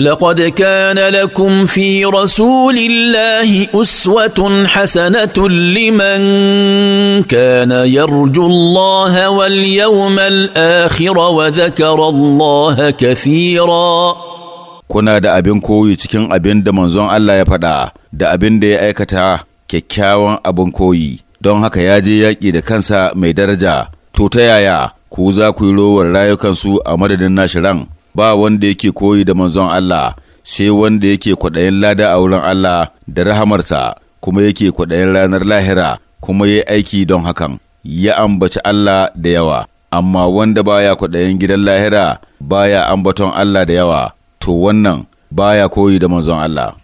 لقد كان لكم في رسول الله اسوه حسنه لمن كان يرجو الله واليوم الاخر وذكر الله kuna da abin koyi cikin abin da manzon Allah ya faɗa da abin da ya aikata kyakkyawan abin koyi don haka ya je yaƙi da kansa mai daraja to ta yaya ku za ku yi rowar rayukansu a madadin nashi ran ba wanda yake koyi da manzon Allah sai wanda yake kwaɗayin lada a wurin Allah da rahamarsa kuma yake kwaɗayin ranar lahira kuma ya aiki don hakan ya ambaci Allah da yawa amma wanda baya kwaɗayin gidan lahira baya ambaton Allah da yawa to wannan baya koyi da manzon Allah